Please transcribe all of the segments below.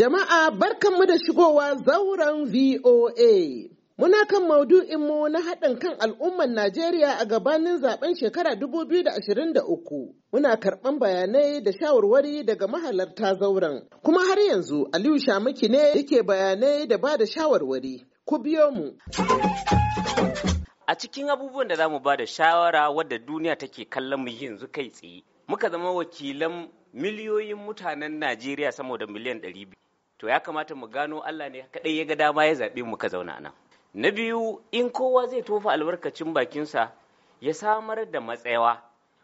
Jama'a barkanmu da shigowa zauren VOA. Muna kan maudu'inmu na haɗin kan al'ummar Najeriya a gabanin zaben shekara 2023. Muna karɓan bayanai da shawarwari daga mahalarta zauren. Kuma har yanzu Aliyu Shamaki ne yake bayanai da ba da shawarwari. Ku biyo mu. A cikin abubuwan da za mu ba da shawara wadda duniya take kallon mu yanzu kai tsaye, muka zama wakilan miliyoyin mutanen Najeriya sama da miliyan 200. to ya kamata mu gano Allah ne kaɗai ya ga dama ya zaɓe mu ka zauna nan na biyu in kowa zai tofa albarkacin bakinsa ya samar da matsayawa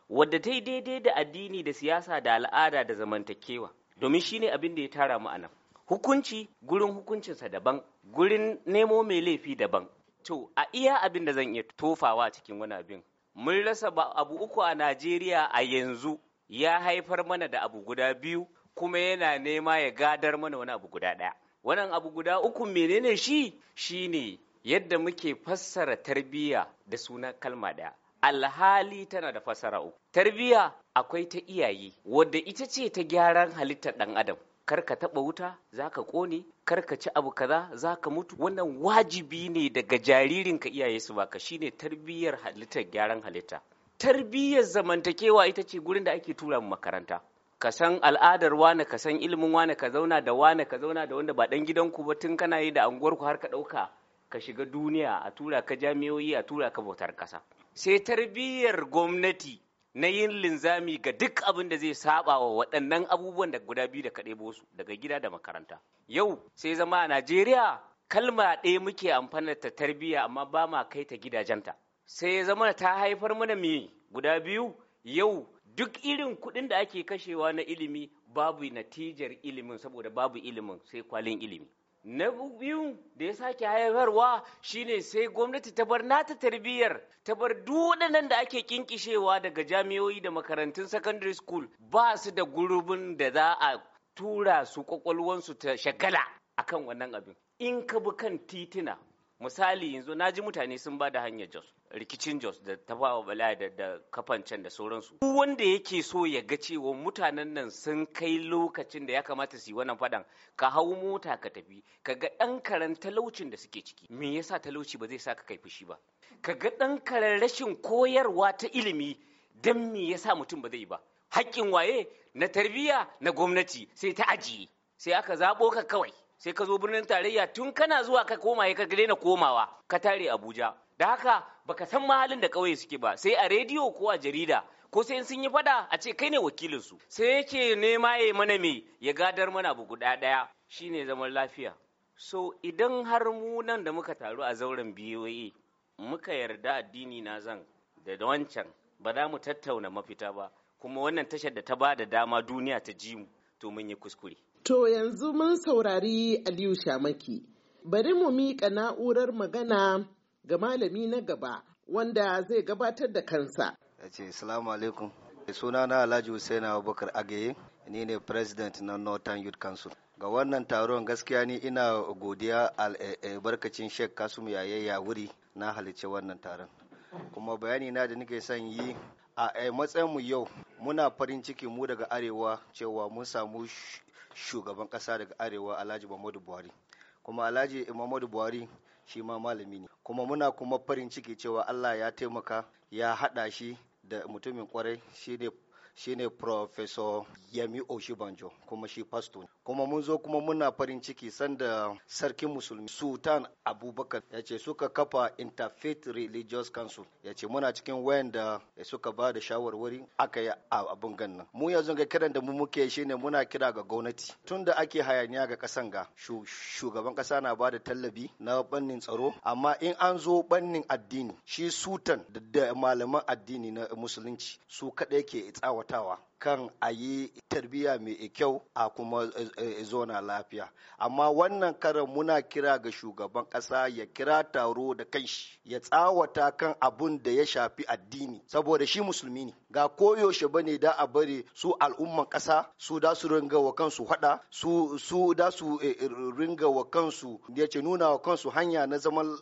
wadda ta yi daidai da addini da siyasa da al'ada da zamantakewa domin shi ne abin da ya tara mu a hukunci gurin hukuncinsa daban gurin nemo mai laifi daban to a iya abin da zan iya tofawa cikin wani abin mun rasa abu uku a najeriya a yanzu ya haifar mana da abu guda biyu kuma yana nema ya gadar mana wani abu guda ɗaya wannan abu guda uku menene shi Shi ne yadda muke fassara tarbiyya da suna kalma ɗaya alhali tana da fassara uku tarbiyya akwai ta iyaye wadda ita ce ta gyaran halittar ɗan adam kar ka taɓa wuta za ka ƙone kar ka ci abu kaza za ka mutu wannan wajibi ne daga jaririnka iyaye su baka ne tarbiyyar halittar gyaran halitta tarbiyyar zamantakewa ita ce gurin da ake tura mu makaranta ka san al'adar wane ka san ilimin wane ka zauna da wane ka zauna da wanda ba dan gidan ku ba tun kana yi da anguwarku har ka ɗauka ka shiga duniya a tura ka jami'oyi a tura ka bautar kasa. sai tarbiyyar gwamnati na yin linzami ga duk abin da zai saba wa waɗannan abubuwan da guda biyu da ka ɗebo su daga gida da makaranta yau sai zama a najeriya kalma ɗaya muke amfana ta tarbiyya amma ba ma kai ta gidajenta sai ya zama ta haifar mana me guda biyu yau duk irin kuɗin da ake kashewa na ilimi babu natijar ilimin saboda babu ilimin sai kwalin ilimi na biyu da ya sake haifarwa shine sai gwamnati ta bar nata tarbiyyar ta bar waɗannan da ake kinkishewa daga jami'oyi da makarantun secondary school ba su da gurbin da za a tura su kwakwalwansu ta shagala akan wannan abin in ka bi kan tituna. misali yanzu na ji mutane sun ba da hanyar jos rikicin jos da ta tafawa bala da da can da sauransu duk wanda yake so ya ga cewa mutanen nan sun kai lokacin da ya kamata su yi wannan fadan ka hau mota ka tafi ka ga dan karen talaucin da suke ciki me yasa talauci ba zai sa ka kai fushi ba ka ga dan karen rashin koyarwa ta ilimi dan me yasa mutum ba zai ba haƙƙin waye na tarbiyya na gwamnati sai ta ajiye sai aka zaɓo ka kawai sai ka zo birnin tarayya tun kana zuwa ka koma ka na komawa ka tare abuja da haka baka san mahalin da kawai suke ba sai a rediyo ko a jarida ko sai sun yi fada a ce kai ne wakilin su sai yake nema ya mana me ya gadar mana abu guda ɗaya shine zaman lafiya so idan har mu nan da muka taru a zauren biyoyi muka yarda addini na zan da wancan ba za mu tattauna mafita ba kuma wannan tashar da ta ba da dama duniya ta ji mu to mun yi kuskure. To yanzu mun saurari Aliyu Shamaki. Bari mu miƙa na'urar magana ga malami na gaba wanda zai gabatar da kansa. Ya ce, Salamu alaikum. Sunana Alhaji Hussein Abubakar Agaye, ni ne President na Northern Youth Council. Ga wannan taron gaskiya ni ina godiya eh, eh, barkacin Sheikh Kasum Yayaya wuri na halicci wannan taron. Kuma bayani na da nake son yi a eh, matsayin mu yau muna farin ciki mu daga arewa cewa mun samu shugaban ƙasa daga arewa alhaji muhammadu buhari kuma alhaji muhammadu buhari shi ma malami ne kuma muna kuma farin ciki cewa allah ya taimaka ya haɗa shi da mutumin kwarai shi ne shine Professor yami Oshibanjo kuma shi pasto kuma mun zo kuma muna farin ciki sanda sarkin musulmi Sultan Abubakar ya ce suka kafa Interfaith Religious Council ya ce muna cikin wayanda suka ba da shawarwari aka yi abin ganna. mu yanzu ga kiran da mu muke shine muna kira ga gwamnati tun da ake hayaniya ga kasan ga shugaban kasa na ba da tallabi na bannin tsaro amma in an zo bannin addini shi sutan da malaman addini na musulunci su kaɗai ke tsawa tower kan a yi tarbiyya mai kyau a kuma eh, eh, zona lafiya amma wannan karan muna kira ga shugaban ƙasa ya kira taro da kanshi ya tsawata kan abun da ya shafi addini saboda shi musulmi ne ga koyaushe bane da a bari su al'umman ƙasa su da su ringa wa kansu hada su da su eh, ringa wa kansu ya ce nuna wa kansu hanya na zaman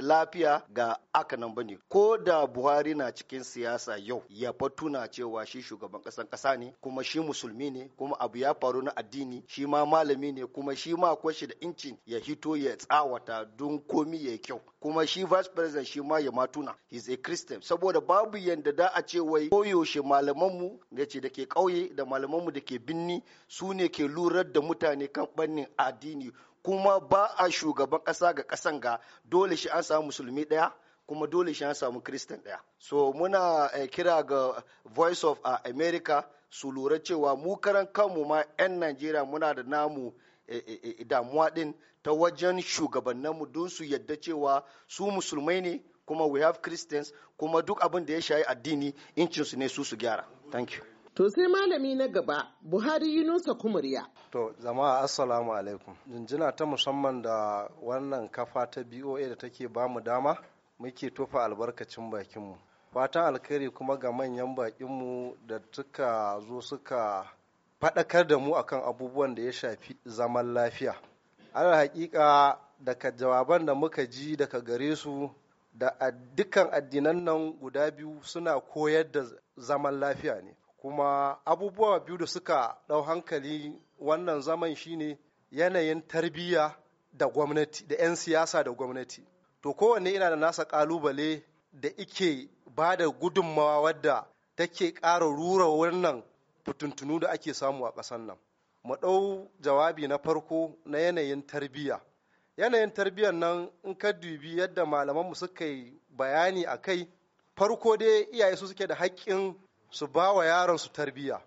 lafiya ga aka nan bane ko da buhari na cikin siyasa yau ya fatuna cewa shi shugaban kasa. kasa ne kuma shi musulmi ne kuma abu ya faru na addini shi ma malami ne kuma shi ma akwai shi da incin ya hito ya tsawata don komi ya kyau kuma shi vice president shi ma ya matuna is a christian saboda babu yanda da a ce wai koyaushe malamanmu da ce da ke ƙauye da malamanmu da ke binni su ne ke lurar da mutane kan bannin addini kuma ba a shugaban ƙasa ga kasan ga dole shi an samu musulmi ɗaya kuma dole shi ya samu kristan ɗaya so muna eh, kira ga voice of ah, america su lura cewa mu karan kanmu ma 'yan najeriya muna da namu eh, eh, damuwa ɗin ta wajen shugabanninmu don su yadda cewa su musulmai ne kuma we have christians kuma duk abin da ya shayi addini incinsu ne su su gyara thank you To sai malami na gaba Buhari Yunusa Kumuriya. To jama'a assalamu alaikum. Jinjina ta musamman da wannan kafa ta BOA da take bamu dama muke tofa albarkacin bakinmu fatan alkhairi kuma ga manyan bakinmu da suka zo suka faɗakar da mu akan abubuwan da ya shafi zaman lafiya ana hakika daga jawaban da muka ji daga gare su da dukkan addinan nan guda biyu suna koyar da zaman lafiya ne kuma abubuwa biyu da suka ɗau hankali wannan zaman shine yanayin tarbiyya da gwamnati da 'yan siyasa da gwamnati to kowanne yana da nasa kalubale da ike ba da gudunmawa wadda take ƙara rura wannan fituntunu da ake samu a ƙasar nan mu ɗau jawabi na farko na yanayin tarbiyya yanayin tarbiyyar nan in ka dubi yadda malamanmu suka yi bayani a kai farko dai iyaye su suke da haƙƙin su ba wa yaron su tarbiyya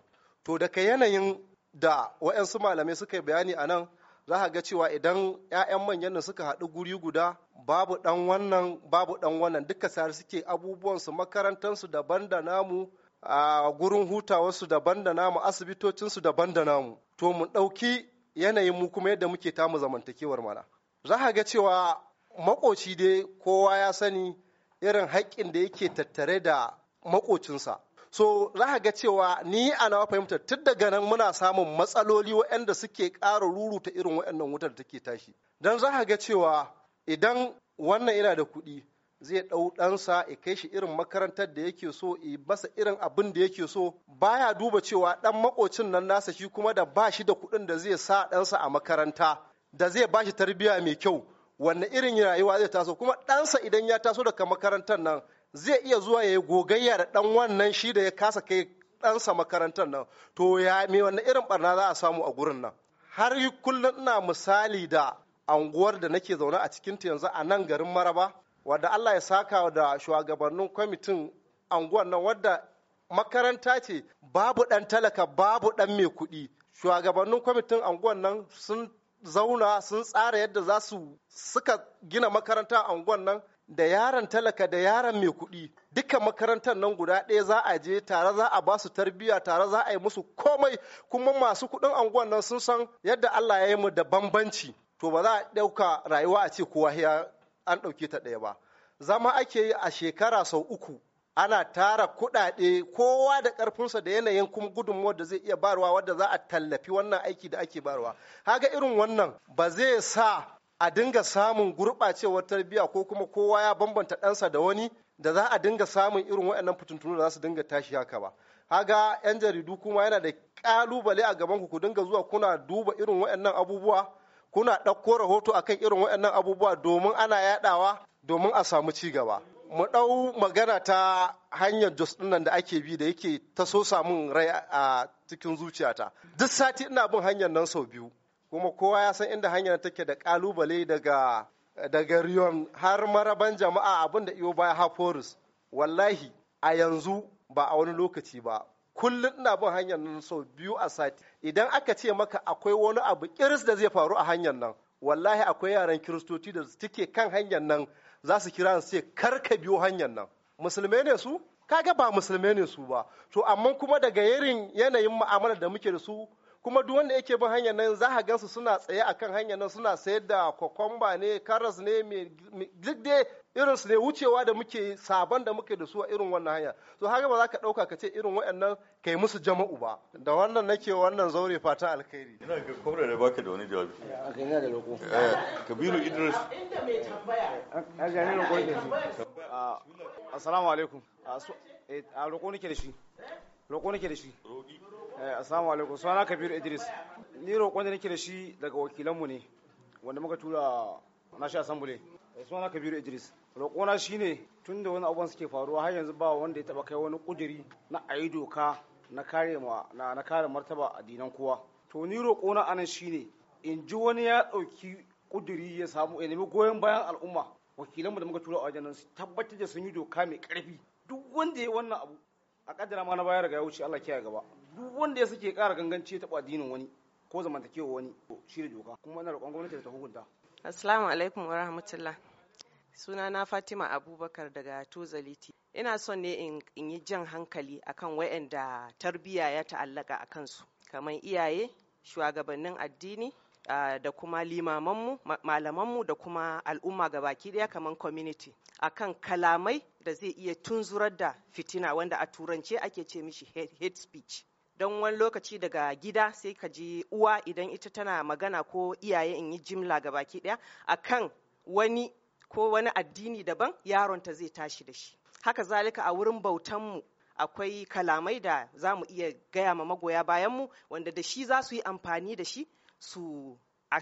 to daga yanayin da waɗansu malamai suka yi bayani a nan za ga cewa idan 'ya'yan manyan suka haɗu guri guda babu ɗan wannan babu ɗan wannan duka sa suke abubuwansu makarantansu daban da namu a gurin hutawarsu daban da namu asibitocinsu daban da namu to mu ɗauki yanayin mu kuma yadda muke tamu zamantakewar mana za ga cewa makoci dai kowa ya sani irin haƙƙin da yake tattare da makocinsa so za ga cewa ni a nawa fahimtar tun daga nan muna samun matsaloli waɗanda suke ƙara ruruta irin waɗannan wutar da take tashi don za ga cewa idan wannan yana da kuɗi zai ɗau ɗansa ya kai shi irin makarantar da yake so ya basa irin abin da yake so baya duba cewa ɗan makocin nan nasa shi kuma da ba shi da kuɗin da zai sa ɗansa a makaranta da zai ba shi tarbiyya mai kyau wanne irin rayuwa zai taso kuma ɗansa idan ya taso daga makarantar nan zai iya zuwa ya yi gogayya da ɗan wannan shi da ya kasa kai ɗansa makarantar nan to ya mai wani irin barna za a samu a gurin nan har yi kullum ina misali da anguwar da nake zaune a cikin ta yanzu a nan garin maraba wadda Allah ya saka da shugabannin kwamitin anguwar nan wadda makaranta ce babu ɗan talaka babu ɗan mai kuɗi shugabannin kwamitin anguwar nan sun zauna sun tsara yadda za su suka gina makarantar anguwar nan da yaron talaka da yaron mai kuɗi duka makarantar nan guda ɗaya za a je tare za a ba su tarbiyya tare za a yi musu komai kuma masu kuɗin anguwan nan sun san yadda Allah ya yi mu da bambanci to ba za a ɗauka rayuwa a ce kowa ya an ɗauke ta ɗaya ba zama ake yi a shekara sau uku ana tara kuɗaɗe kowa da ƙarfinsa da yanayin kuma gudunmuwar da zai iya barwa wadda za a tallafi wannan aiki da ake barwa haga irin wannan ba zai sa a dinga samun gurɓacewar tarbiyya ko kuma kowa ya bambanta ɗansa da wani da za a dinga samun irin waɗannan fitintunu da za su dinga tashi haka ba haga yan jaridu kuma yana da ƙalubale a gaban ku dinga zuwa kuna duba irin waɗannan abubuwa kuna ɗauko rahoto akan irin waɗannan abubuwa domin ana yaɗawa domin a samu ci gaba mu ɗau magana ta hanyar jos ɗinnan da ake bi da yake ta so samun rai a cikin zuciyata duk sati ina bin hanyar nan sau biyu kuma kowa ya san inda hanyar take da kalubale daga daga riyon har maraban jama'a abinda da iyo baya haforus wallahi a yanzu ba a wani lokaci ba kullum ina bin hanyar nan sau biyu a sati idan aka ce maka akwai wani abu kiris da zai faru a hanyar nan wallahi akwai yaran kiristoci da suke kan hanyar nan za su kira su ce kar ka biyo hanyar nan musulmai ne su kaga ba musulmai ne su ba to amma kuma daga yarin yanayin mu'amala da muke da su kuma duk wanda yake bin hanyar nan za a gansu suna tsaye akan hanyar nan suna sayar da kokomba ne karas ne duk dai irin su ne wucewa da muke sabon da muke da su a irin wannan hanya so haka ba za ka ɗauka ka ce irin waɗannan kai musu jama'u ba da wannan nake wannan zaure fatan alkhairi ina ga kwamra da baka da wani jawabi ina da eh, kabiru idris inda mai tambaya ah, assalamu alaikum a ah, eh, ah, roƙo nake da shi roƙo nake da shi roƙi Eh, assalamu alaikum sunana kabir idris ni roƙon da nake da shi daga wakilanmu ne wanda muka tura nashi asambule. Eh, sunana kabiru idris roƙona ne tun da wani abubuwan suke faruwa har yanzu ba wanda ya taɓa kai wani ƙudiri na ayi doka na kare na, na kare martaba addinan kowa to ni roƙona anan shi ne in ji wani ya ɗauki ƙuduri ya samu ya nemi goyon bayan al'umma wakilanmu da muka tura a wajen su tabbatar da sun yi doka mai ƙarfi duk wanda ya wannan abu a ƙaddara ma na baya daga ya wuce Allah kiyaye gaba duk wanda ya kara ƙara ganganci ta addinin wani ko zamantakewa wani shi da doka kuma ana roƙon gwamnati ta hukunta assalamu alaikum wa rahmatullah suna na fatima abubakar daga tozaliti ina son ne in yi jan hankali akan wayanda tarbiyya ya ta'allaka a kansu kamar iyaye shugabannin addini da kuma limamanmu malamanmu da kuma al'umma ga baki daya kamar community akan kalamai da zai iya tunzurar da fitina wanda a turance ake ce mishi hate speech don wani lokaci daga gida sai ka ji uwa idan ita tana magana ko iyaye in yi jimla ga baki daya akan wani ko wani addini daban yaronta zai tashi da shi haka zalika a wurin bautanmu akwai kalamai da za mu iya gaya ma magoya bayanmu wanda da shi za su yi amfani da shi su a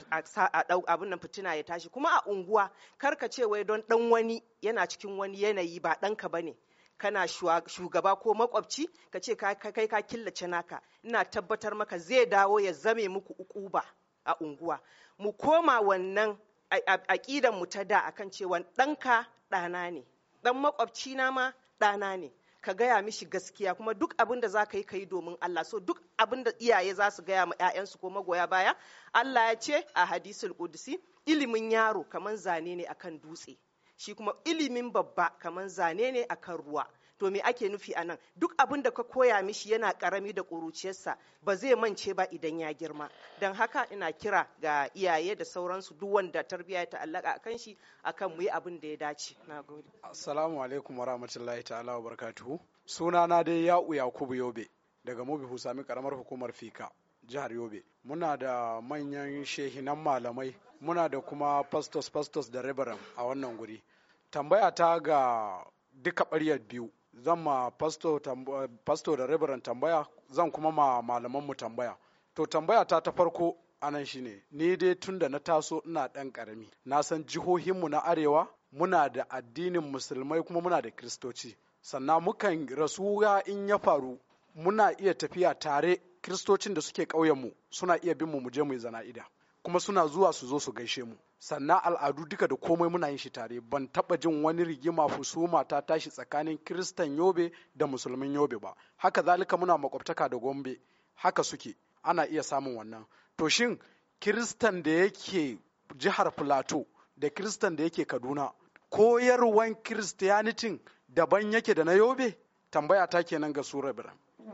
abin nan fitina ya tashi kuma a unguwa karka ce wai don dan wani yana cikin wani yanayi ba ɗanka ba ne kana shugaba ko makwabci ka ce kai ka killace naka ina tabbatar maka zai dawo ya zame muku ukuba a unguwa mu koma wannan aƙidan mu ta da akan cewa ɗanka ɗana ne ɗan makwabci na ma ɗana ne ka gaya mishi gaskiya kuma duk abin da za ka yi ka yi domin Allah so duk abin da iyaye za su gaya ma 'ya'yansu ko magoya baya Allah ya ce a hadisul kudusi ilimin yaro kamar zane ne akan dutse shi kuma ilimin babba kamar zane ne akan ruwa to me ake nufi anan duk abin da ka koya mishi yana karami da ƙuruciyarsa ba zai mance ba idan ya girma don haka ina kira ga iyaye da sauransu duk wanda tarbiyya ya ta'allaka kan shi akan mu yi abin da ya dace na gode assalamu alaikum wa rahmatullahi ta'ala wa barakatuhu sunana dai ya'u yakubu yobe daga mubi husami karamar hukumar fika jihar yobe muna da manyan shehinan malamai muna da kuma pastors pastors da reverend a wannan guri tambaya ta ga duka ɓaryar biyu zan ma pastor da reverend tambaya zan kuma ma malaman mu tambaya to tambaya ta ta farko anan ne. ni dai tun da na taso ina ɗan ƙarami na san jihohinmu na arewa muna da addinin musulmai kuma muna da kiristoci sannan mukan rasuwa in ya faru muna iya tafiya tare kiristocin da suke ƙauyenmu suna iya bin mu mu je mu yi zana'ida kuma suna zuwa su zo su gaishe mu sannan al'adu duka da komai muna yin shi tare ban taba jin wani rigima husuma ta tashi tsakanin kiristan yobe da musulmin yobe ba haka zalika muna makwabtaka da gombe haka suke ana iya samun wannan to shin kiristan da yake jihar plateau da kiristan da yake kaduna koyarwan kiristiyanitin daban yake da na yobe tambaya ta kenan ga sura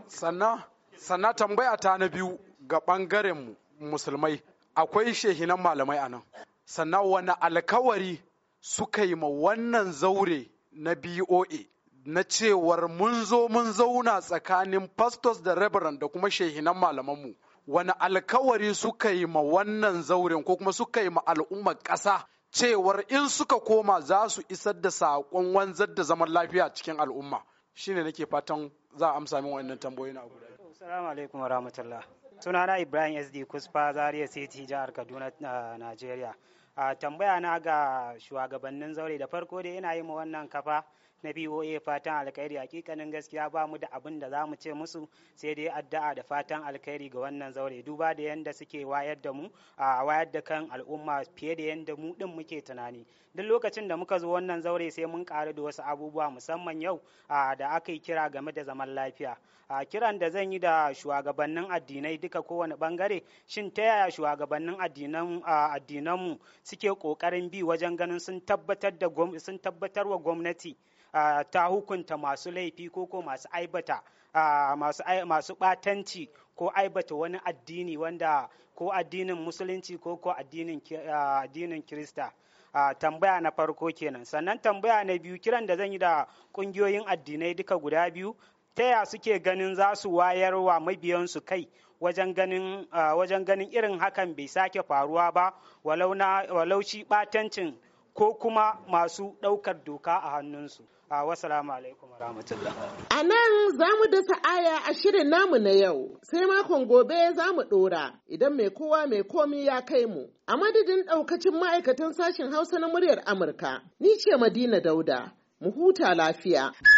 sannan sannan tambaya ta na biyu ga ɓangaren musulmai akwai shehinan malamai a nan. sannan wani alkawari suka yi ma wannan zaure na boa na cewar mun zo mun zauna tsakanin pastors da reverend da kuma shehinan malamanmu wani alkawari suka yi ma wannan zauren ko kuma suka yi ma al'ummar ƙasa cewar in suka koma za su isar da saƙon wanzar da zaman lafiya cikin al'umma shine nake fatan za a amsa min wannan tambayoyi na guda Assalamu alaikum warahmatullah. Sunana Ibrahim SD kuspa Zaria City jihar Kaduna uh, Najeriya. a tambaya na ga shugabannin zaure da farko da yana yi ma wannan kafa na BOA fatan alkhairi hakikanin gaskiya ba mu da abin da za mu ce musu sai dai addu'a da fatan alkhairi ga wannan zaure duba da yanda suke wayar da mu a wayar da kan al'umma fiye da yanda mu din muke tunani duk lokacin da muka zo wannan zaure sai mun karu da wasu abubuwa musamman yau da aka yi kira game da zaman lafiya a kiran da zan yi da shugabannin addinai duka kowane bangare shin ta yaya shugabannin addinan addinan mu suke ƙoƙarin bi wajen ganin sun tabbatar da sun tabbatar wa gwamnati ta hukunta masu laifi ko ko masu aibata masu ɓatanci ko aibata wani addini wanda ko addinin musulunci ko ko addinin kirista tambaya na farko kenan sannan tambaya na biyu kiran da zan yi da ƙungiyoyin addinai duka guda biyu ta ya suke ganin za su wayar wa mabiyansu kai wajen ganin irin hakan bai sake faruwa ba walau shi batancin ko kuma masu ɗaukar doka a hannunsu. A wasalamu alaikum rahmatullah. A nan za mu dasa aya a shirin namu na yau, sai makon gobe za mu ɗora idan mai kowa mai komi ya kai mu. A madadin ɗaukacin ma'aikatan sashen Hausa na muryar Amurka, ni ce Madina Dauda, mu huta lafiya.